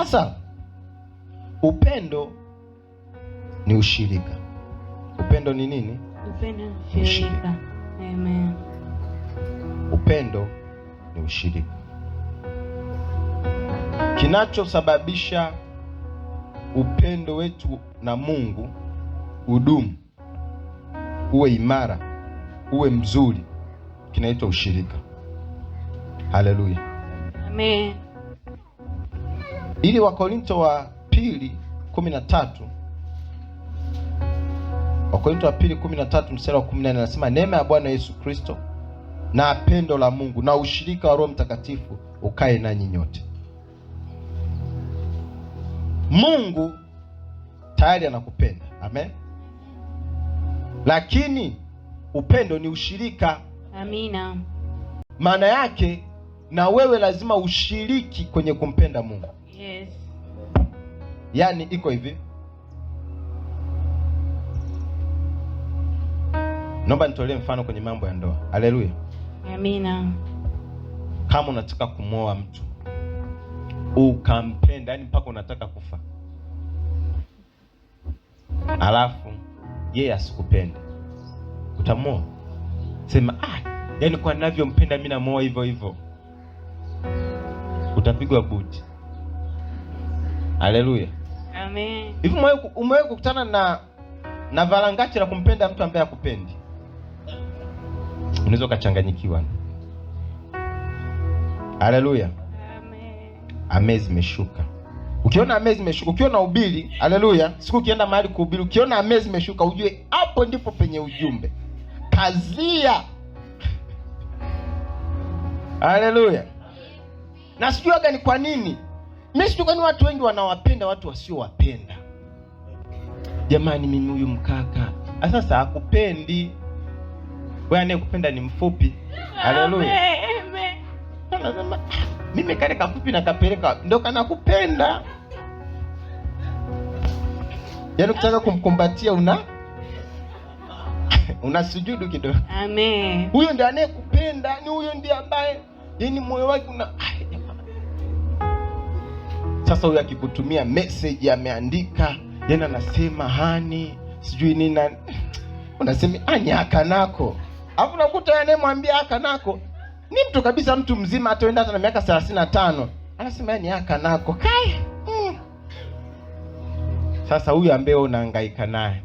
Sasa upendo ni ushirika. Upendo ni nini? Upendo ni ushirika. Amen. Upendo ni ushirika. Kinachosababisha upendo wetu na Mungu udumu, uwe imara, uwe mzuri, kinaitwa ushirika. Haleluya. Amen ili Wakorinto wa pili 13 Wakorinto wa pili 13 mstari wa 14 anasema, neema ya Bwana Yesu Kristo na pendo la Mungu na ushirika wa Roho Mtakatifu ukae nanyi nyote. Mungu tayari anakupenda, amen. Lakini upendo ni ushirika, amina. Maana yake na wewe lazima ushiriki kwenye kumpenda Mungu yaani iko hivi. Naomba nitolee mfano kwenye mambo ya ndoa. Haleluya, amina. Kama unataka kumwoa mtu ukampenda, yaani mpaka unataka kufa, alafu yeye asikupende, utamwoa? Sema ah, yaani kwa ninavyompenda mimi namwoa hivyo hivyo, utapigwa buti. Haleluya. Amen. Hivi umewahi kukutana na na varangati la kumpenda mtu ambaye akupendi Unaweza ukachanganyikiwa. Haleluya. Amei zimeshuka. Ukiona amei zimeshuka, ukiona ubili, haleluya, siku ukienda mahali kuhubiri, ukiona amei zimeshuka, ujue hapo ndipo penye ujumbe. Kazia. Haleluya. Nasijuaga ni kwa nini mimi watu wengi wanawapenda watu wasiowapenda? Jamani, mimi huyu mkaka ah, sasa akupendi wewe, anayekupenda ni mfupi. Haleluya, anasema mimi kale kafupi na kapeleka ndo kanakupenda. Yaani ukitaka kumkumbatia una una sujudu kidogo. Amen. Huyo ndiye anayekupenda, ni huyo ndiye ambaye yani moyo wake una sasa huyo akikutumia message ameandika, yani anasema hani sijui nini na unasema anya akanako, alafu unakuta yeye anayemwambia akanako ni mtu kabisa, mtu mzima ataenda hata na miaka 35 anasema yani nako kai mm. Sasa huyu ambaye unahangaika naye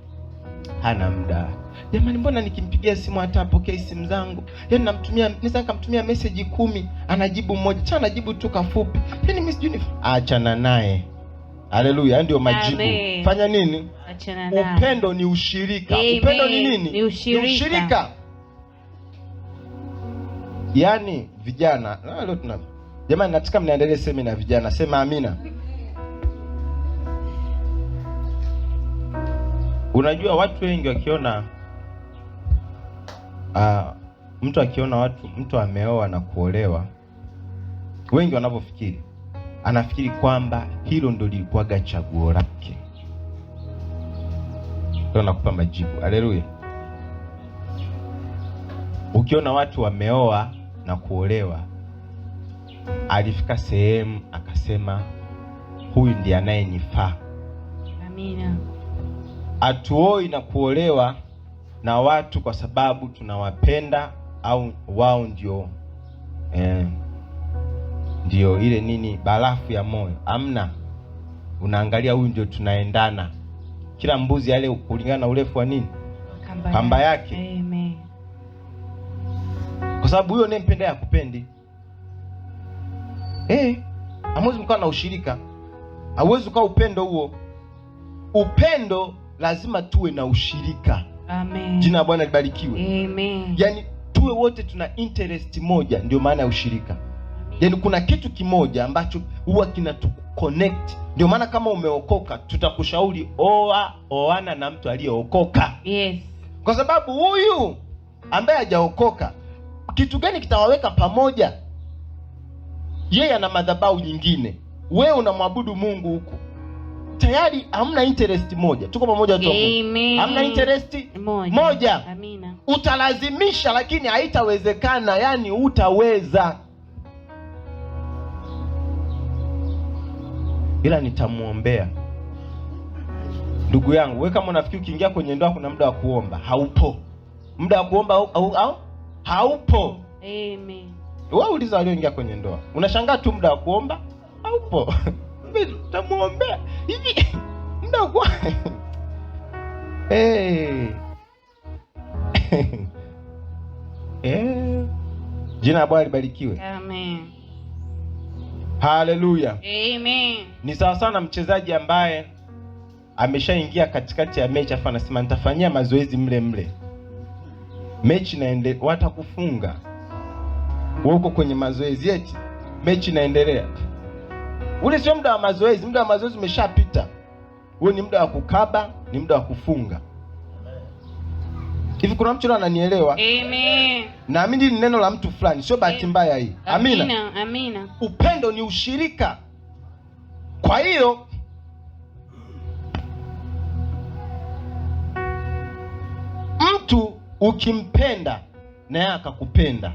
hana muda jamani, mbona nikimpigia simu hata apokee simu zangu? Yaani namtumia naweza nikamtumia message kumi anajibu mmoja, cha anajibu tu kafupi. Yaani mimi sijui achana naye. Haleluya, ndio majibu. Amen. Fanya nini? Achana naye. Upendo ni ushirika. Amen. Upendo ni nini? Ni ushirika. Ni ushirika. Yaani vijana, leo tuna jamani, nataka mniendelee semina vijana. Sema amina. Unajua watu wengi wakiona uh, mtu akiona watu mtu ameoa na kuolewa, wengi wanavyofikiri, anafikiri kwamba hilo ndo lilikuwaga chaguo lake. Nakupa majibu. Haleluya! Ukiona watu wameoa na kuolewa, alifika sehemu akasema, huyu ndiye anayenifaa. Amina. Hatuoi na kuolewa na watu kwa sababu tunawapenda au wao ndio eh, ndio ile nini barafu ya moyo. Amna, unaangalia huyu ndio tunaendana. Kila mbuzi yale kulingana na urefu wa nini kamba, kamba yake. Amen. Kwa sababu huyo nempenda yakupendi eh, hamwezi mkawa na ushirika, hauwezi ukawa upendo huo. Upendo lazima tuwe na ushirika. Amen. Jina la Bwana libarikiwe. Amen. Yaani tuwe wote tuna interest moja, ndio maana ya ushirika. Yaani kuna kitu kimoja ambacho huwa kinatuconnect. Ndio maana kama umeokoka, tutakushauri oa, oana na mtu aliyeokoka. Yes. Kwa sababu huyu ambaye hajaokoka, kitu gani kitawaweka pamoja? Yeye ana madhabahu nyingine, wewe unamwabudu Mungu huko tayari hamna interest moja. Tuko pamoja tu, hamna interest moja, moja. Amina. Utalazimisha lakini haitawezekana, yani utaweza ila nitamwombea ndugu yangu. We kama unafikiri ukiingia kwenye ndoa kuna muda wa kuomba, haupo muda wa kuomba au, au, au? Haupo. Amen. Wewe uliza walioingia kwenye ndoa, unashangaa tu muda wa kuomba haupo. vipi? Tutamwombea hivi muda kwa eh. Jina la Bwana libarikiwe. Amen. Haleluya. Amen. Ni sawa sana mchezaji ambaye ameshaingia katikati ya mechi afa anasema nitafanyia mazoezi mle mle, mechi naende, watakufunga, wewe uko kwenye mazoezi eti mechi inaendelea. Ule sio muda wa mazoezi, muda wa mazoezi umeshapita. Huo ni muda wa kukaba, ni muda wa kufunga. Hivi kuna mtu ananielewa? Amen. Naamini ni neno la mtu fulani, sio bahati mbaya hii. Amina. Amina. Amina. Upendo ni ushirika. Kwa hiyo mtu ukimpenda na yeye akakupenda,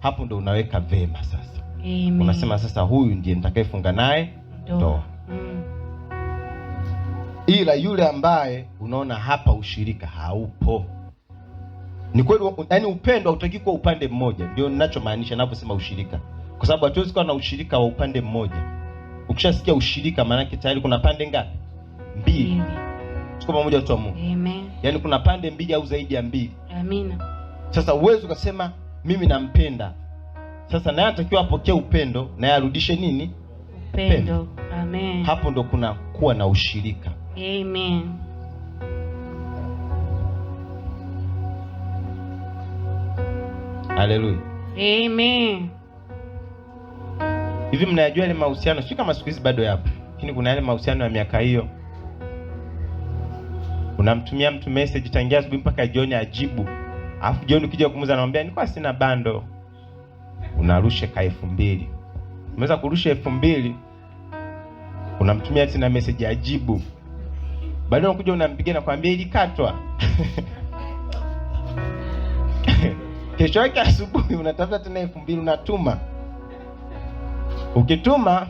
hapo ndo unaweka vema sasa. Amen. Unasema sasa huyu ndiye nitakayefunga naye ndoa mm. Ila yule ambaye unaona hapa ushirika haupo, ni kweli, yaani upendo hautaki kuwa upande mmoja. Ndio ninachomaanisha ninaposema ushirika, kwa sababu hatuwezi kuwa na ushirika wa upande mmoja. Ukishasikia ushirika, maanake tayari kuna pande ngapi? Mbili. Tuko pamoja, watu wa Mungu? Amen. Yaani kuna pande mbili au zaidi ya mbili. Amina. Sasa uwezi ukasema mimi nampenda sasa naye anatakiwa apokee upendo, naye arudishe nini? Upendo, upendo. Amen. Hapo ndo kuna kuwa na ushirika. Amen. Haleluya. Amen. Hivi mnayajua yale mahusiano, si kama siku hizi bado yapo, lakini kuna yale mahusiano ya miaka hiyo, unamtumia mtu message tangia asubuhi mpaka jioni ajibu, alafu jioni ukija kumuuza anamwambia nilikuwa sina bando unarusha ka elfu mbili umeweza kurusha elfu mbili unamtumia tena message ajibu, baadaye unakuja unampigia na kwambia ilikatwa. Kesho yake asubuhi unatafuta tena elfu mbili unatuma, ukituma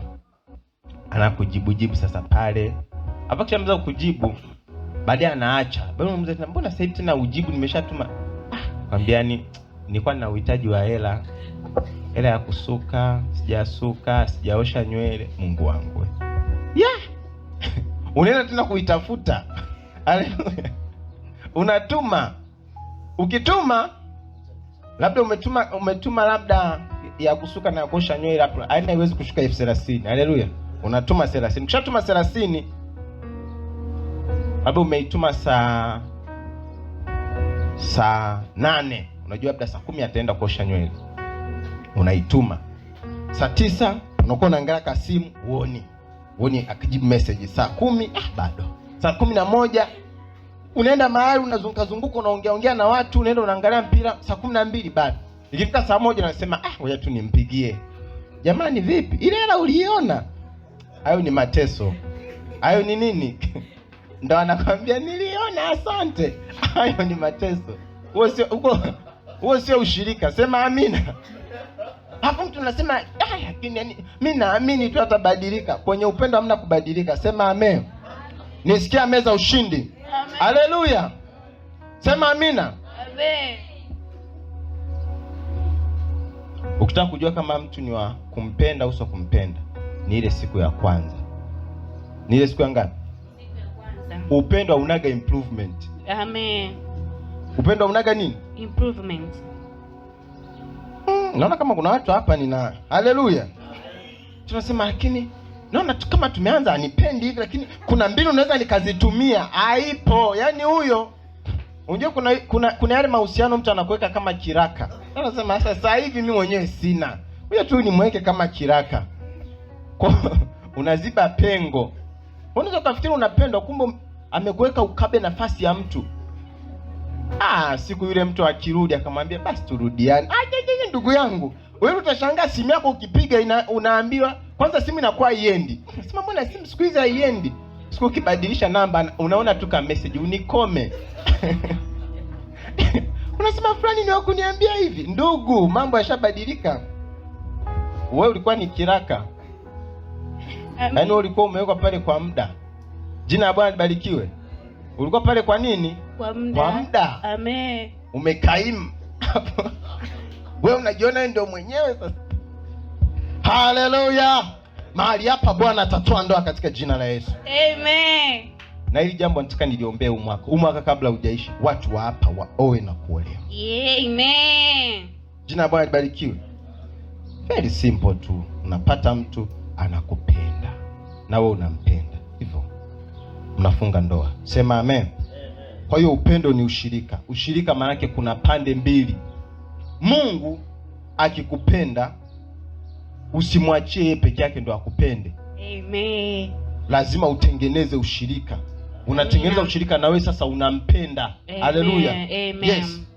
anakujibujibu sasa pale hapa, kisha mza kujibu baadaye anaacha, baadaye unamuuliza tena, mbona sasa hivi tena ujibu, nimeshatuma. Ah, kwambiani nilikuwa na uhitaji wa hela hela ya kusuka, sijasuka, sijaosha nywele. Mungu wangu yeah! unaenda tena kuitafuta unatuma, ukituma labda umetuma umetuma labda ya kusuka na kuosha nywele, aina haiwezi kushuka elfu thelathini. Haleluya! unatuma thelathini, ukishatuma thelathini labda umeituma saa saa nane, unajua labda saa kumi ataenda kuosha nywele unaituma. Saa tisa unakuwa unaangalia kasimu, uoni uoni akijibu message. Saa kumi ah, bado. Saa kumi na moja unaenda mahali unazungukazunguka zunguka, unaongea ongea na watu, unaenda unaangalia mpira. Saa kumi na mbili bado. Ikifika saa moja nasema ah, ngoja tu nimpigie. Jamani, vipi ile hela uliiona? Hayo ni mateso, hayo ni nini? Ndo anakwambia niliona, asante. Hayo ni mateso. Huo sio huo sio ushirika. Sema amina. Hapo mtu nasema mi naamini tu atabadilika. Kwenye upendo hamna kubadilika. Sema amen. Nisikia ameza ushindi. Haleluya. Sema amina. Amen. Ukitaka kujua kama mtu ni wa kumpenda uso kumpenda, ni ile siku ya kwanza. Ni ile siku ya ngapi? Upendo unaga improvement. Amen. Upendo unaga nini? Improvement naona kama kuna watu hapa nina haleluya, tunasema lakini naona kama tumeanza anipendi hivi, lakini kuna mbinu naweza nikazitumia. Haipo, yaani huyo unajua, kuna kuna kuna yale mahusiano mtu anakuweka kama kiraka. Anasema sasa hivi mi mwenyewe sina huyo, tu nimweke kama kiraka kwa unaziba pengo. Unaweza ukafikiri unapendwa, kumbe amekuweka ukabe nafasi ya mtu. Ah, siku yule mtu akirudi akamwambia basi turudiane ndugu yangu, wewe utashangaa simu yako ukipiga ina, unaambiwa kwanza simu inakuwa iendi. Sema mbona simu siku hizi haiendi? Siku ukibadilisha namba unaona tu ka message unikome. Unasema fulani ni wakuniambia hivi. Ndugu, mambo yashabadilika. Wewe ulikuwa ni kiraka. Yaani ulikuwa umewekwa pale kwa muda. Jina la Bwana libarikiwe. Ulikuwa pale kwa nini? Kwa muda. Kwa muda. Amen. Umekaimu. wewe unajiona ndio mwenyewe sasa. Haleluya! mahali hapa Bwana atatoa ndoa katika jina la Yesu, amen. Na hili jambo nataka niliombee huu mwaka, huu mwaka kabla hujaishi, watu wa hapa waoe na kuolewa, amen. Jina la Bwana libarikiwe. Very simple tu, unapata mtu anakupenda na wewe unampenda, hivyo mnafunga ndoa. Sema amen. Kwa hiyo upendo ni ushirika. Ushirika maanake kuna pande mbili. Mungu akikupenda usimwachie yeye peke yake ndo akupende. Amen. Lazima utengeneze ushirika. Unatengeneza ushirika na wewe sasa unampenda. Haleluya. Yes.